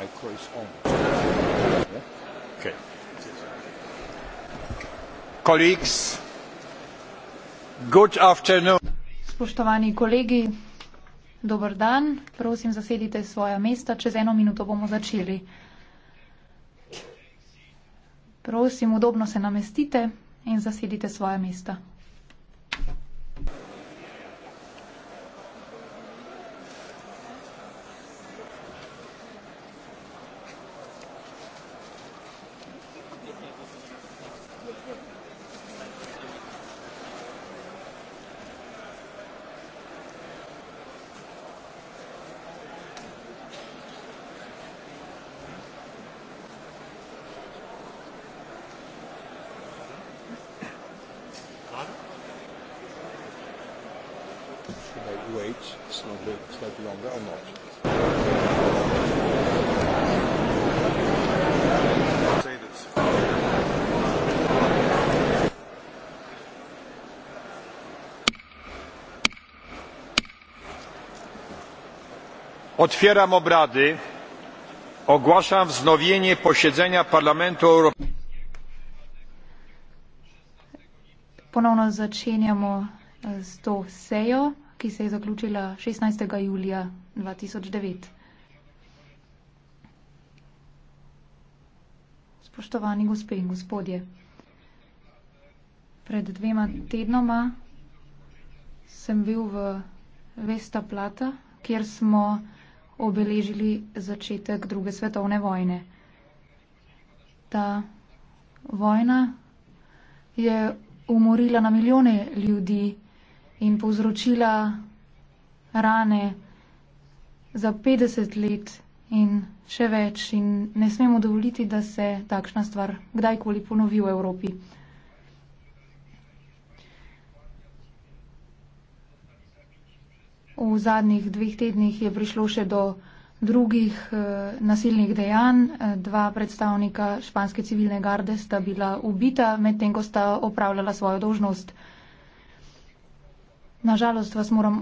micro is on. Yeah? Okay. Colleagues, good afternoon. Spoštovani kolegi, dober dan. Prosim, zasedite svoja mesta. Čez eno minuto bomo začeli. Prosim, udobno se namestite in zasedite svoja mesta. to make you wait slightly, slightly longer or not. Otwieram obrady. Ogłaszam wznowienie posiedzenia Parlamentu Europejskiego. Ponownie zaczynamy z tą sesją ki se je zaključila 16. julija 2009. Spoštovani gospe in gospodje, pred dvema tednoma sem bil v Vesta Plata, kjer smo obeležili začetek druge svetovne vojne. Ta vojna je umorila na milijone ljudi in povzročila rane za 50 let in še več. In ne smemo dovoliti, da se takšna stvar kdajkoli ponovi v Evropi. V zadnjih dveh tednih je prišlo še do drugih e, nasilnih dejanj. Eh, dva predstavnika španske civilne garde sta bila ubita, medtem ko sta opravljala svojo dožnost. Nažalost vas moram